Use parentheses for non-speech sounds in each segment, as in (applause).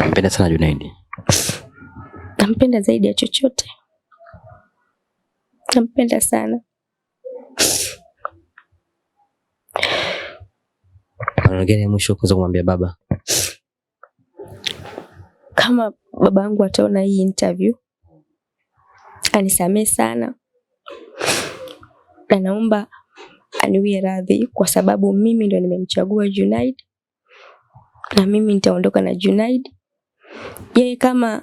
Nampenda sana Junaidi. Nampenda zaidi ya chochote, nampenda sana. Maneno gani ya mwisho kuweza kumwambia baba? Kama baba yangu ataona hii interview, anisamee sana na naomba aniwie radhi, kwa sababu mimi ndo nimemchagua Junaid na mimi nitaondoka na Junaid yeye kama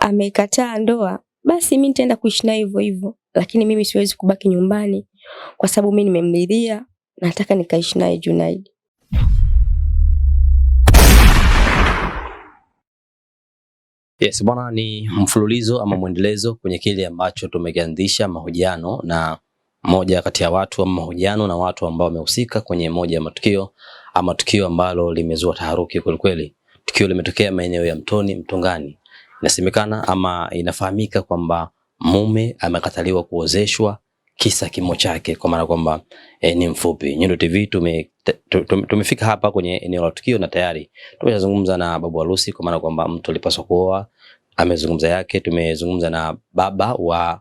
amekataa ndoa, basi mi nitaenda kuishi naye hivyo hivyo, lakini mimi siwezi kubaki nyumbani kwa sababu mi nimemridhia, nataka nikaishi naye Junaid. Yes, bwana, ni mfululizo ama mwendelezo kwenye kile ambacho tumekianzisha mahojiano na moja kati ya watu ama mahojiano na watu ambao wamehusika kwenye moja ya matukio ama tukio ambalo limezua taharuki kwelikweli. Tukio limetokea maeneo ya Mtoni Mtongani. Inasemekana ama inafahamika kwamba mume amekataliwa kuozeshwa kisa kimo chake, kwa maana kwamba e, ni mfupi. Nyundo TV tume, tumefika hapa kwenye eneo la tukio na tayari tumezungumza na babu harusi, kwa maana kwamba mtu alipaswa kuoa, amezungumza yake. Tumezungumza na baba wa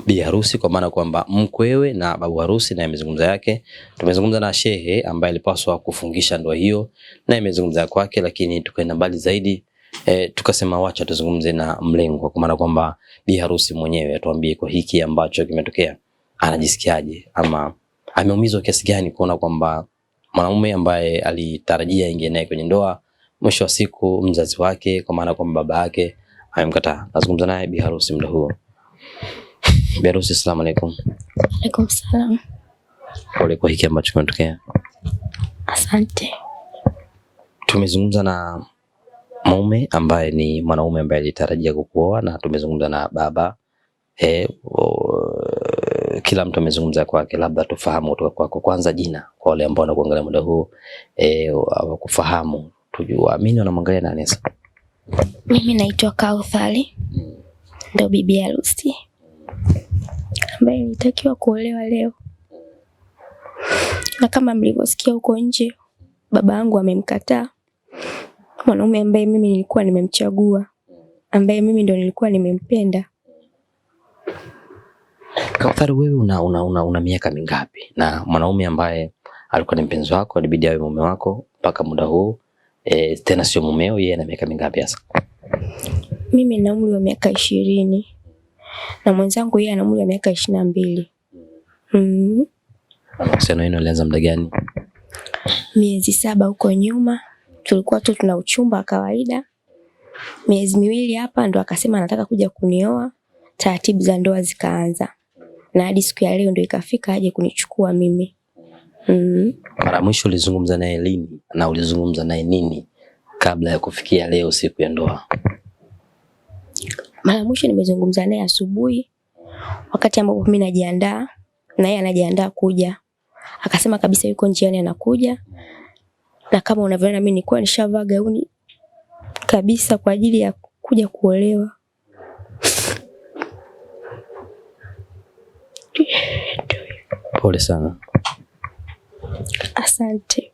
bi harusi kwa maana kwamba mkwewe na babu harusi, naye amezungumza yake. Tumezungumza na shehe ambaye alipaswa kufungisha ndoa hiyo, naye amezungumza kwake, lakini tukaenda mbali zaidi e, tukasema wacha tuzungumze na mlengwa, kwa maana kwamba bi harusi mwenyewe atuambie kwa hiki ambacho kimetokea, anajisikiaje ama ameumizwa kiasi gani kuona kwamba mwanaume ambaye alitarajia ingie naye kwenye ndoa, mwisho wa siku mzazi wake, kwa maana kwamba baba yake amemkataa. Nazungumza naye bi harusi muda huo. Biarusi, asalamu alaykum. Alaykum salam. Pole kwa hiki ambacho kimetokea. Asante. Tumezungumza na mume ambaye ni mwanaume ambaye alitarajia kukuoa na tumezungumza na baba e, o, kila mtu amezungumza kwake, labda tufahamu kutoka kwako kwanza jina, kwa wale ambao wanakuangalia muda huu eh, tujue waamini wanamwangalia nani sasa. Mimi naitwa Kauthali, mm. ndio bibi harusi ambaye nilitakiwa kuolewa leo, na kama mlivyosikia huko nje, baba yangu amemkataa mwanaume ambaye mimi nilikuwa nimemchagua, ambaye mimi ndo nilikuwa nimempenda. Kauthar, wewe una, una, una, una miaka mingapi? Na mwanaume ambaye alikuwa ni mpenzi wako alibidi awe mume wako mpaka muda huu e, eh, tena sio mumeo, yeye ana miaka mingapi sasa? Mimi na umri wa miaka ishirini na mwenzangu yeye ana umri wa miaka ishirini na mbili. Mm. Mahusiano yenu alianza muda gani? Miezi saba huko nyuma tulikuwa tu tuna uchumba wa kawaida. Miezi miwili hapa ndo akasema anataka kuja kunioa, taratibu za ndoa zikaanza, na hadi siku ya leo ndo ikafika aje kunichukua mimi. Mm. Mara mwisho ulizungumza naye lini na ulizungumza naye nini kabla ya kufikia leo siku ya ndoa? Mara mwisho nimezungumza naye asubuhi wakati ambapo mimi najiandaa na yeye anajiandaa kuja. Akasema kabisa yuko njiani anakuja. Na kama unavyoona mimi nilikuwa nishavaa gauni kabisa kwa ajili ya kuja kuolewa. Pole sana. Asante.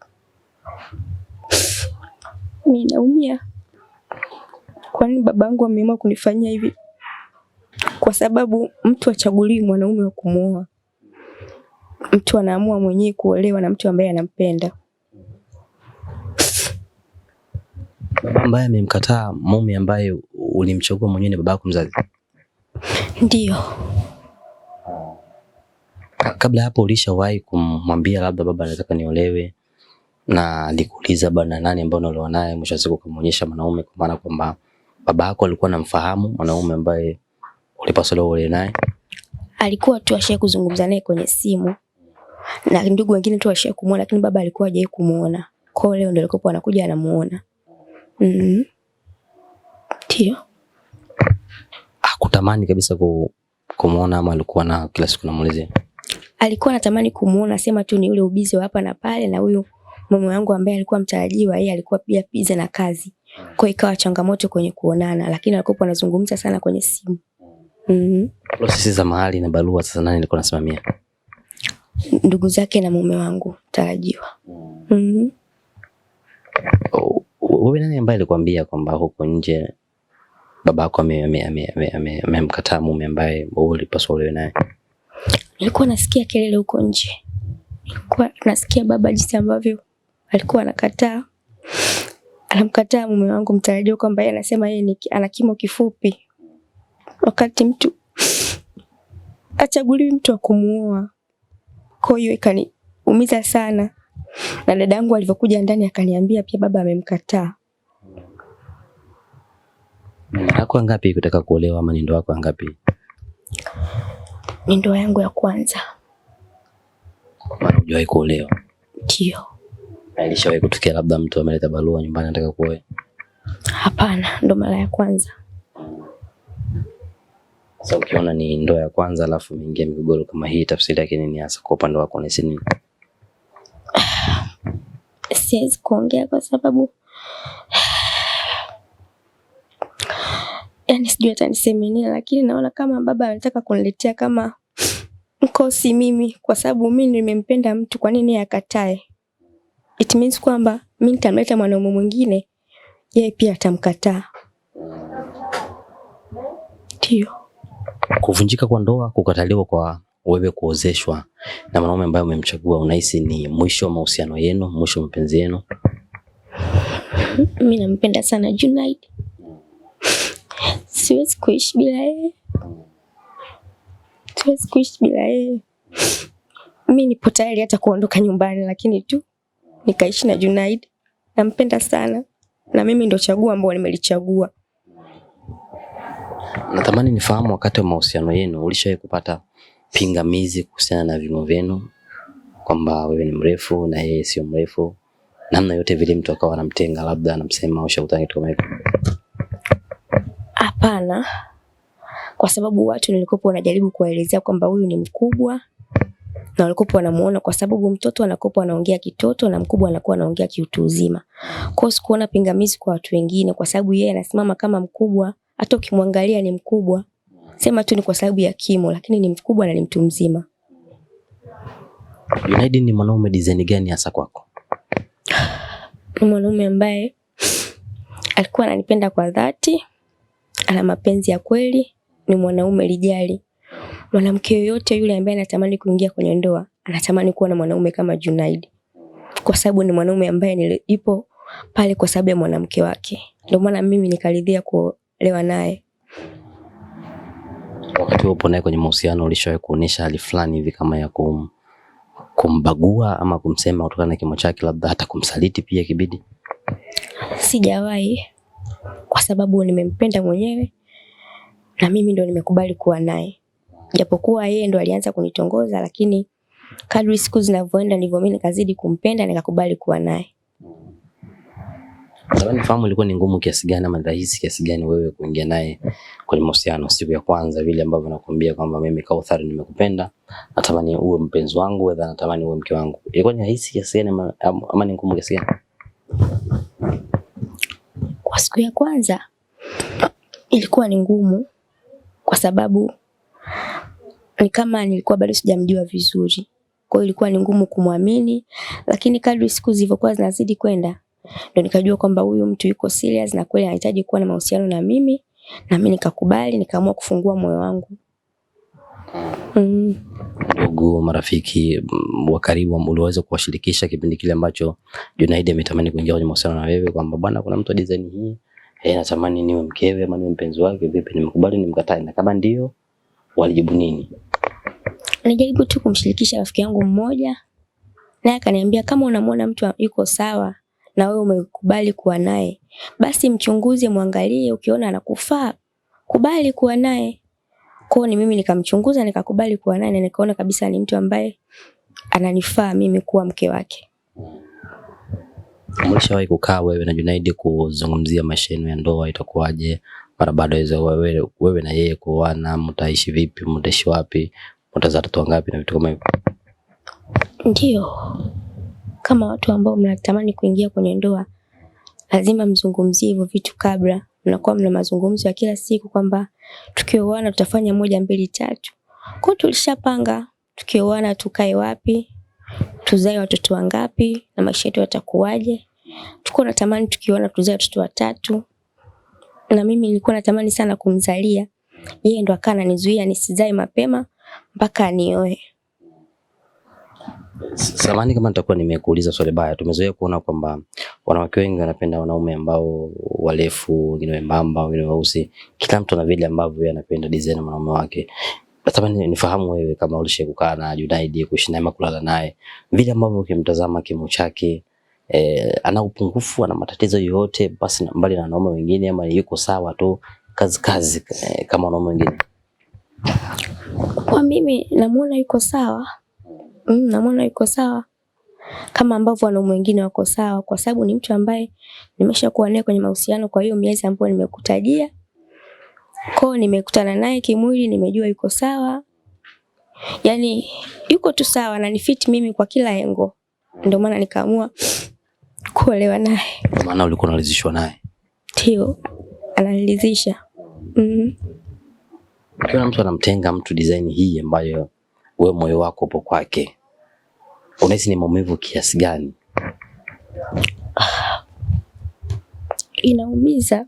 Mimi naumia kwa nini babangu ameamua kunifanyia hivi? Kwa sababu mtu achaguliwi mwanaume wa kumuoa, mtu anaamua mwenyewe kuolewa na mtu ambaye anampenda. ambaye amemkataa mume ambaye ulimchagua mwenyewe ni babako mzazi? Ndiyo. Kabla hapo ulishawahi kumwambia labda baba anataka niolewe, na alikuuliza bwana nani ambao unaolewa naye, mwisho wa siku ukamwonyesha mwanaume, kwa maana kwamba baba yako alikuwa anamfahamu mwanaume ambaye ulipaswa ule naye? Alikuwa tu ashaye kuzungumza naye kwenye simu na ndugu wengine tu ashaye kumuona, lakini baba alikuwa hajawahi kumuona. Kwa leo ndio alikuwa anakuja anamuona. Mm. Ndio. Akutamani kabisa ku, kumuona ama alikuwa na kila siku namuulizia? Alikuwa anatamani kumuona, sema tu ni ule ubizi wa hapa na pale, na huyu mume wangu ambaye alikuwa mtarajiwa, yeye alikuwa pia bize na kazi kwa ikawa changamoto kwenye kuonana, lakini alikuwa anazungumza sana kwenye simu. Prosesi mhm. za mahali na barua sasa nani alikuwa anasimamia? Ndugu zake na mume wangu tarajiwa. Mhm. Oh, wewe nani ambaye alikwambia kwamba huko nje babako amemkataa mume ambaye wewe ulipaswa ulewe naye? Nilikuwa nasikia kelele huko nje. Nilikuwa nasikia baba jinsi ambavyo alikuwa anakataa anamkataa mume wangu mtarajio kwamba yeye anasema yeye ana kimo kifupi, wakati mtu (laughs) achaguliwi mtu wa kumuoa. Kwa hiyo ikaniumiza sana, na dadangu alivyokuja ndani akaniambia pia baba amemkataa. Ako ngapi kutaka kuolewa ama ni ndoa yako ngapi? Ni ndoa yangu ya kwanza. Hujawahi kuolewa? Ndio. Na ilishawahi kutokea labda mtu ameleta barua nyumbani anataka kuoa? Hapana, ndo mara ya kwanza. Sasa ukiona ni ndoa ya kwanza alafu mingia migogoro kama hii, tafsiri yake nini hasa kwa upande wako? Ni sini (sighs) siwezi kuongea kwa sababu (sighs) yaani sijui hata niseme nini, lakini naona kama baba anataka kuniletea kama (sighs) mkosi mimi, kwa sababu mimi nimempenda mtu, kwa nini akatae? it means kwamba mi nitamleta mwanaume mwingine, yeye pia atamkataa. Ndio kuvunjika kwa ndoa, kukataliwa kwa wewe kuozeshwa na mwanaume ambaye umemchagua, unahisi ni mwisho wa mahusiano yenu, mwisho wa mapenzi yenu? Mimi nampenda sana Junaid, siwezi kuishi bila yeye, siwezi kuishi bila yeye. Mi nipo tayari hata kuondoka nyumbani, lakini tu nikaishi na Junaid, nampenda sana na mimi ndo chaguo ambao nimelichagua. Natamani nifahamu, wakati wa mahusiano yenu ulishawahi kupata pingamizi kuhusiana na vimo vyenu, kwamba wewe ni mrefu na yeye sio mrefu, namna yote vile mtu akawa anamtenga, labda anamsema au kitu kama hivyo? Hapana, kwa sababu watu nilikopo wanajaribu kuwaelezea kwamba huyu ni mkubwa na walikuwa wanamuona, kwa sababu mtoto anakuwa anaongea kitoto na mkubwa anakuwa anaongea kiutu uzima. Kwa hiyo sikuona pingamizi kwa watu wengine, kwa sababu yeye anasimama kama mkubwa, hata ukimwangalia ni mkubwa, sema tu ni kwa sababu ya kimo, lakini ni mkubwa na ni mtu mzima. Junaidi ni mwanaume design gani hasa kwako? Ni mwanaume ambaye alikuwa ananipenda kwa dhati, ana mapenzi ya kweli, ni mwanaume lijali Mwanamke yoyote yule ambaye anatamani kuingia kwenye ndoa anatamani kuwa na mwanaume kama Junaid, kwa sababu ni mwanaume ambaye nilipo pale kwa sababu ya mwanamke wake. Ndio maana mimi nikaridhia kuolewa naye. Wakati upo naye kwenye mahusiano, ulishawahi kuonesha hali fulani hivi kama ya kum, kumbagua ama kumsema kutokana na kimo chake, labda hata kumsaliti pia kibidi? Sijawahi, kwa sababu nimempenda mwenyewe na mimi ndio nimekubali kuwa naye japokuwa yeye ndo alianza kunitongoza, lakini kadri siku zinavyoenda ndivyo mimi nikazidi kumpenda, nikakubali kuwa naye. Natamani fahamu ilikuwa ni ngumu kiasi gani ama rahisi kiasi gani wewe kuingia naye kwenye mahusiano siku ya kwanza, vile ambavyo nakwambia kwamba mimi Kauthar nimekupenda, natamani uwe mpenzi wangu, aidha natamani uwe mke wangu. Ilikuwa ni rahisi kiasi gani ama, ama ni ngumu kiasi gani? Kwa siku ya kwanza ilikuwa ni ngumu kwa sababu ni kama nilikuwa bado sijamjua vizuri, kwa hiyo ilikuwa ni ngumu kumwamini, lakini kadri siku zilivyokuwa zinazidi kwenda ndo nikajua kwamba huyu mtu yuko serious na kweli anahitaji kuwa na mahusiano na mimi, na mimi nikakubali, nikaamua kufungua moyo wangu. Ndugu Mm. marafiki wa karibu uliweza kuwashirikisha kipindi kile ambacho Junaidi ametamani kuingia kwenye mahusiano na wewe, kwamba bwana, kuna mtu wa design hii yeye eh, anatamani niwe mkewe ama niwe mpenzi wake, vipi, nimekubali nimkatae? Na kama ndio, walijibu nini? nijaribu tu kumshirikisha rafiki yangu mmoja, naye akaniambia kama unamwona mtu yuko sawa na wewe umekubali kuwa naye, basi mchunguze, mwangalie, ukiona anakufaa kubali kuwa naye. Kwao ni mimi nikamchunguza, nikakubali kuwa naye na nikaona kabisa ni mtu ambaye ananifaa mimi kuwa mke wake. Umeshawahi kukaa wewe na Junaidi kuzungumzia maisha yenu ya ndoa itakuwaje, mara baada ya wewe, wewe na yeye kuoana, mtaishi vipi, mtaishi wapi? Utazaa watoto wangapi na vitu kama hivyo? Ndio, kama watu ambao mnatamani kuingia kwenye ndoa, lazima mzungumzie hivyo vitu kabla. Mnakuwa mna mazungumzo ya kila siku kwamba tukioana tutafanya moja mbili tatu. Kwa hiyo tulishapanga tukioana tukae wapi, tuzae watoto wangapi na maisha yetu yatakuwaje. Tuko natamani tukioana tuzae watoto watatu, na mimi nilikuwa natamani sana kumzalia yeye, ndo akaa ananizuia nisizae mapema mpaka anioe. Samahani kama nitakuwa nimekuuliza swali baya. Tumezoea kuona kwamba wanawake wengi wanapenda wanaume ambao warefu, wengine wembamba, wengine weusi. Kila mtu ana vile ambavyo yeye anapenda design mwanaume wake. Natamani nifahamu wewe, kama ulishe kukaa na Junaid kuishi naye, kulala naye, vile ambavyo ukimtazama kimo chake e, ana upungufu, ana matatizo yoyote basi mbali na wanaume wengine, ama yuko sawa tu kazi kazi eh, kama wanaume wengine? Kwa mimi namuona yuko sawa. Mm, namuona yuko sawa. Kama ambavyo wanaume wengine wako sawa kwa sababu ni mtu ambaye nimeshakuwa naye kwenye mahusiano kwa hiyo miezi ambayo nimekutajia. koo nimekutana naye kimwili nimejua yuko sawa. Yaani yuko tu sawa na ananifit mimi kwa kila engo. Ndio maana nikaamua kuolewa naye. maana ulikuwa unalizishwa naye? Ndio, ananiridhisha. Mhm. Ukiona mtu anamtenga mtu design hii ambayo we moyo wako upo kwake, unahisi ni maumivu kiasi gani? (sighs) Inaumiza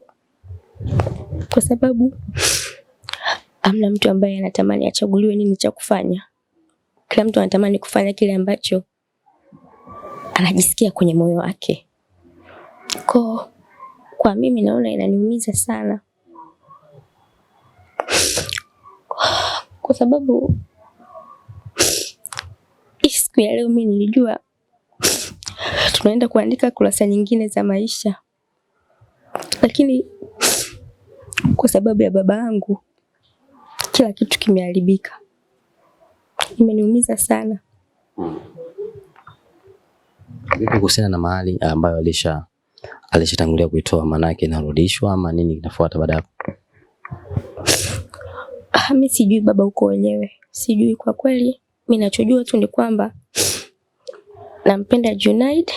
kwa sababu amna mtu ambaye anatamani achaguliwe nini cha kufanya. Kila mtu anatamani kufanya kile ambacho anajisikia kwenye moyo wake. Ko, kwa mimi naona inaniumiza sana. kwa sababu siku ya leo mi nilijua tunaenda kuandika kurasa nyingine za maisha, lakini kwa sababu ya baba yangu kila kitu kimeharibika. Imeniumiza sana. Vipi kuhusiana na mahali ambayo alisha alishatangulia kuitoa, maanake inarudishwa ama nini kinafuata baada yako? Ah, mi sijui baba uko wenyewe, sijui kwa kweli. Mi nachojua tu ni kwamba nampenda Junaid,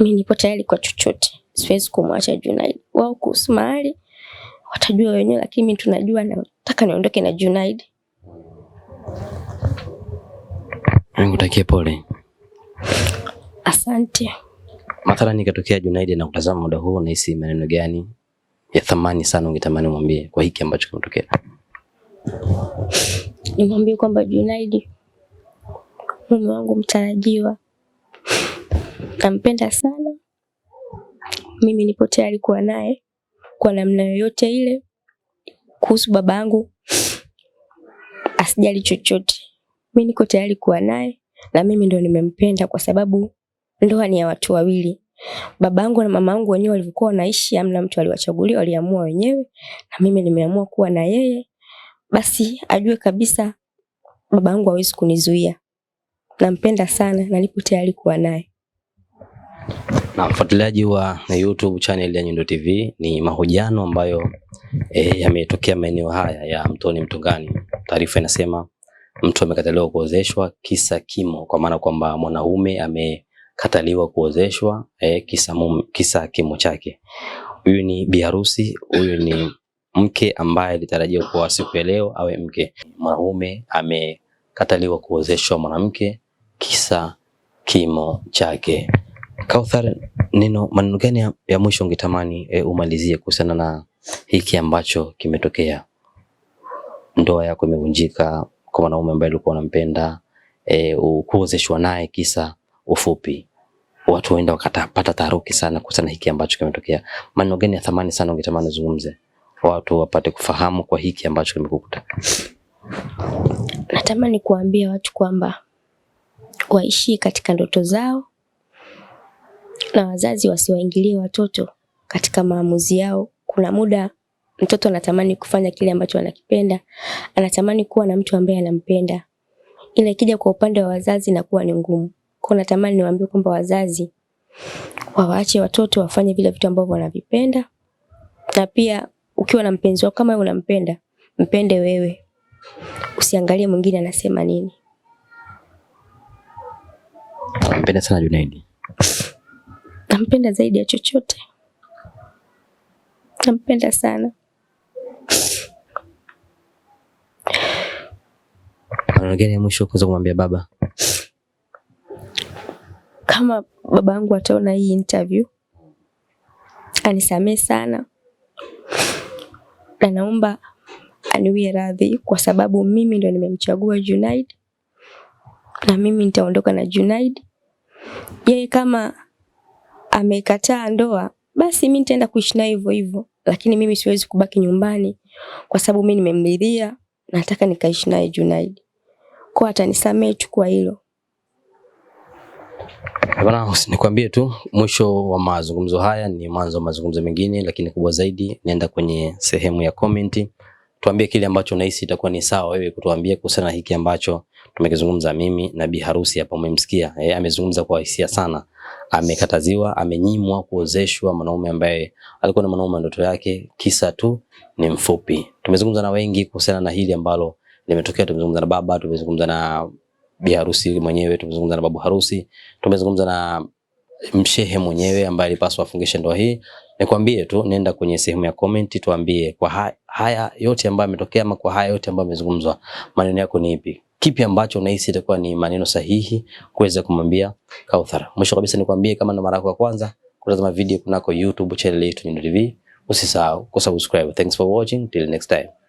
mi nipo tayari kwa chochote, siwezi kumwacha Junaid. Wao kuhusu mahali watajua wenyewe, lakini mi tunajua, nataka niondoke na Junaid. Nikutakie pole. Asante. Mathala nikatokea Junaid kutazama muda huu, unahisi maneno gani ya thamani sana ungetamani umwambie kwa hiki ambacho kimetokea? nimwambie kwamba Junaidi mume wangu mtarajiwa, nampenda sana mimi, nipo tayari kuwa naye kwa namna yoyote ile. Kuhusu baba yangu asijali chochote, mimi niko tayari kuwa naye, na mimi ndo nimempenda, kwa sababu ndoa ni ya watu wawili. Baba yangu na mama yangu wenyewe walivyokuwa wanaishi, amna mtu aliwachagulia, waliamua wenyewe, na mimi nimeamua kuwa na yeye basi ajue kabisa baba yangu hawezi kunizuia. Nampenda sana na nipo tayari kuwa naye. Na mfuatiliaji wa YouTube channel ya Nyundo TV, ni mahojiano ambayo eh, yametokea maeneo haya ya Mtoni mtungani Taarifa inasema mtu amekataliwa kuozeshwa kisa kimo, kwa maana kwamba mwanaume amekataliwa kuozeshwa eh, kisa, kisa kimo chake. Huyu ni biharusi, huyu ni mke ambaye alitarajiwa kuwa siku ya leo awe mke. Mwanaume amekataliwa kuozeshwa mwanamke kisa kimo chake. Kauthar, neno maneno gani ya mwisho ungetamani e, umalizie kuhusiana na hiki ambacho kimetokea? Ndoa yako imevunjika kwa mwanaume ambaye ulikuwa unampenda, e, kuozeshwa naye kisa ufupi. Watu waenda wakapata taharuki sana kuhusiana na hiki ambacho kimetokea. Maneno gani ya thamani sana ungetamani uzungumze? watu wapate kufahamu kwa hiki ambacho kimekukuta? Natamani kuambia watu kwamba waishi katika ndoto zao na wazazi wasiwaingilie watoto katika maamuzi yao. Kuna muda mtoto anatamani kufanya kile ambacho anakipenda, anatamani kuwa na mtu ambaye anampenda, ila ikija kwa upande wa wazazi inakuwa ni ngumu. Kwa natamani niwaambie kwamba wazazi wawaache watoto wafanye vile vitu ambavyo wanavipenda, na pia ukiwa na mpenzi wako kama unampenda, mpende wewe, usiangalie mwingine anasema nini. Nampenda sana Junaidi, nampenda zaidi ya chochote, nampenda sana. Maneno gani ya mwisho kuweza kumwambia baba? Kama babangu ataona hii interview, anisamee sana na naomba aniwie radhi kwa sababu mimi ndo nimemchagua Junaid na mimi nitaondoka na Junaid. Yeye kama amekataa ndoa, basi mimi nitaenda kuishi naye hivyo hivyo, lakini mimi siwezi kubaki nyumbani kwa sababu mimi nimemridhia, nataka nikaishi naye Junaid. Kwa tu chukua hilo. Bwana, nikwambie tu mwisho wa mazungumzo haya ni mwanzo wa mazungumzo mengine, lakini kubwa zaidi, nenda kwenye sehemu ya comment, tuambie kile ambacho unahisi itakuwa ni sawa wewe kutuambia kuhusiana na hiki ambacho tumekizungumza mimi na bi harusi hapa. Umemsikia e, amezungumza kwa hisia sana. Amekataziwa, amenyimwa kuozeshwa mwanaume ambaye alikuwa ni mwanaume ndoto yake, kisa tu ni mfupi. Tumezungumza na wengi kuhusiana na hili ambalo limetokea. Tumezungumza na baba, tumezungumza na bi harusi mwenyewe, tumezungumza na babu harusi, tumezungumza na mshehe mwenyewe ambaye alipaswa afungishe ndoa hii. Nikwambie tu nenda kwenye sehemu ya comment, tuambie kwa haya, haya yote ambayo ametokea ama kwa haya yote ambayo yamezungumzwa, maneno yako ni ipi? Kipi ambacho unahisi itakuwa ni maneno sahihi kuweza kumwambia Kauthar? Mwisho kabisa nikwambie, kama ndo mara yako ya kwanza kutazama video kunako YouTube channel yetu Nundu TV, usisahau kusubscribe. Thanks for watching till next time.